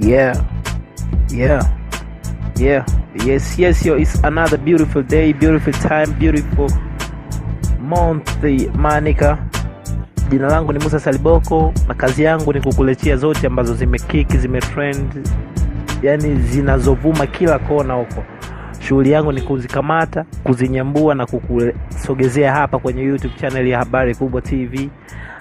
yeah yeah yeah yes yes yo it's another beautiful day beautiful time beautiful month manika jina langu ni musa saliboko na kazi yangu ni kukuletea zote ambazo zimekiki zimetrend yani zinazovuma kila kona huko shughuli yangu ni kuzikamata kuzinyambua na kukusogezea hapa kwenye youtube channel ya habari kubwa tv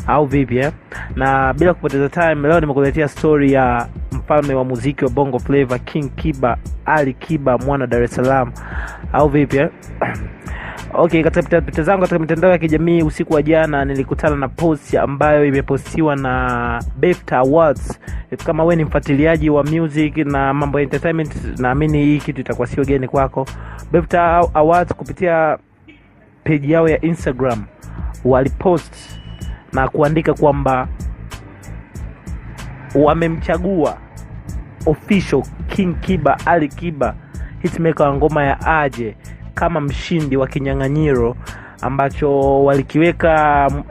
au vipi eh? na bila kupoteza time leo nimekuletea story ya mfalme wa muziki wa Bongo Flava King Kiba, Ali Kiba, mwana Dar es Salaam au vipi eh? Okay, katika pita zangu katika mitandao ya kijamii usiku wa jana nilikutana na post ambayo imepostiwa na BEFTA Awards. Kama we ni mfuatiliaji wa music na mambo ya entertainment, naamini hii kitu itakuwa sio geni kwako. BEFTA Awards kupitia page yao ya Instagram walipost na kuandika kwamba wamemchagua official King Kiba Ali Kiba hitmaker wa ngoma ya Aje kama mshindi wa kinyang'anyiro ambacho walikiweka mm,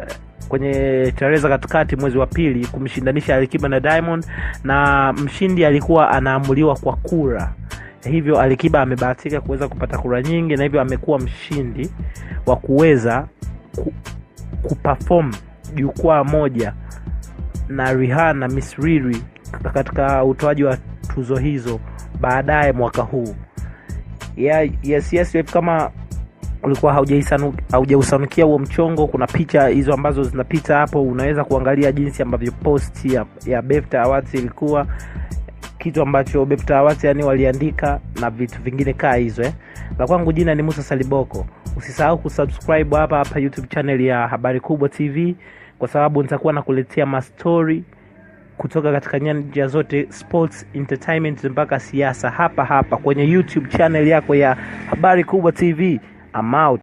kwenye tarehe za katikati mwezi wa pili kumshindanisha Alikiba na Diamond, na mshindi alikuwa anaamuliwa kwa kura. Hivyo Alikiba amebahatika kuweza kupata kura nyingi, na hivyo amekuwa mshindi wa kuweza ku, kuperform jukwaa moja na Rihanna, Miss Riri katika utoaji wa tuzo hizo baadaye mwaka huu yeah, yes, yes, kama ulikuwa haujausanukia huo mchongo kuna picha hizo ambazo zinapita hapo unaweza kuangalia jinsi ambavyo post ya, ya BEFTA Awards ilikuwa kitu ambacho BEFTA Awards yani waliandika na vitu vingine kaa hizo eh. la kwangu jina ni Musa Saliboko usisahau kusubscribe hapa hapa YouTube channel ya Habari Kubwa TV kwa sababu nitakuwa nakuletea mastori kutoka katika nyanja zote sports, entertainment mpaka siasa, hapa hapa kwenye YouTube channel yako ya Habari Kubwa TV. I'm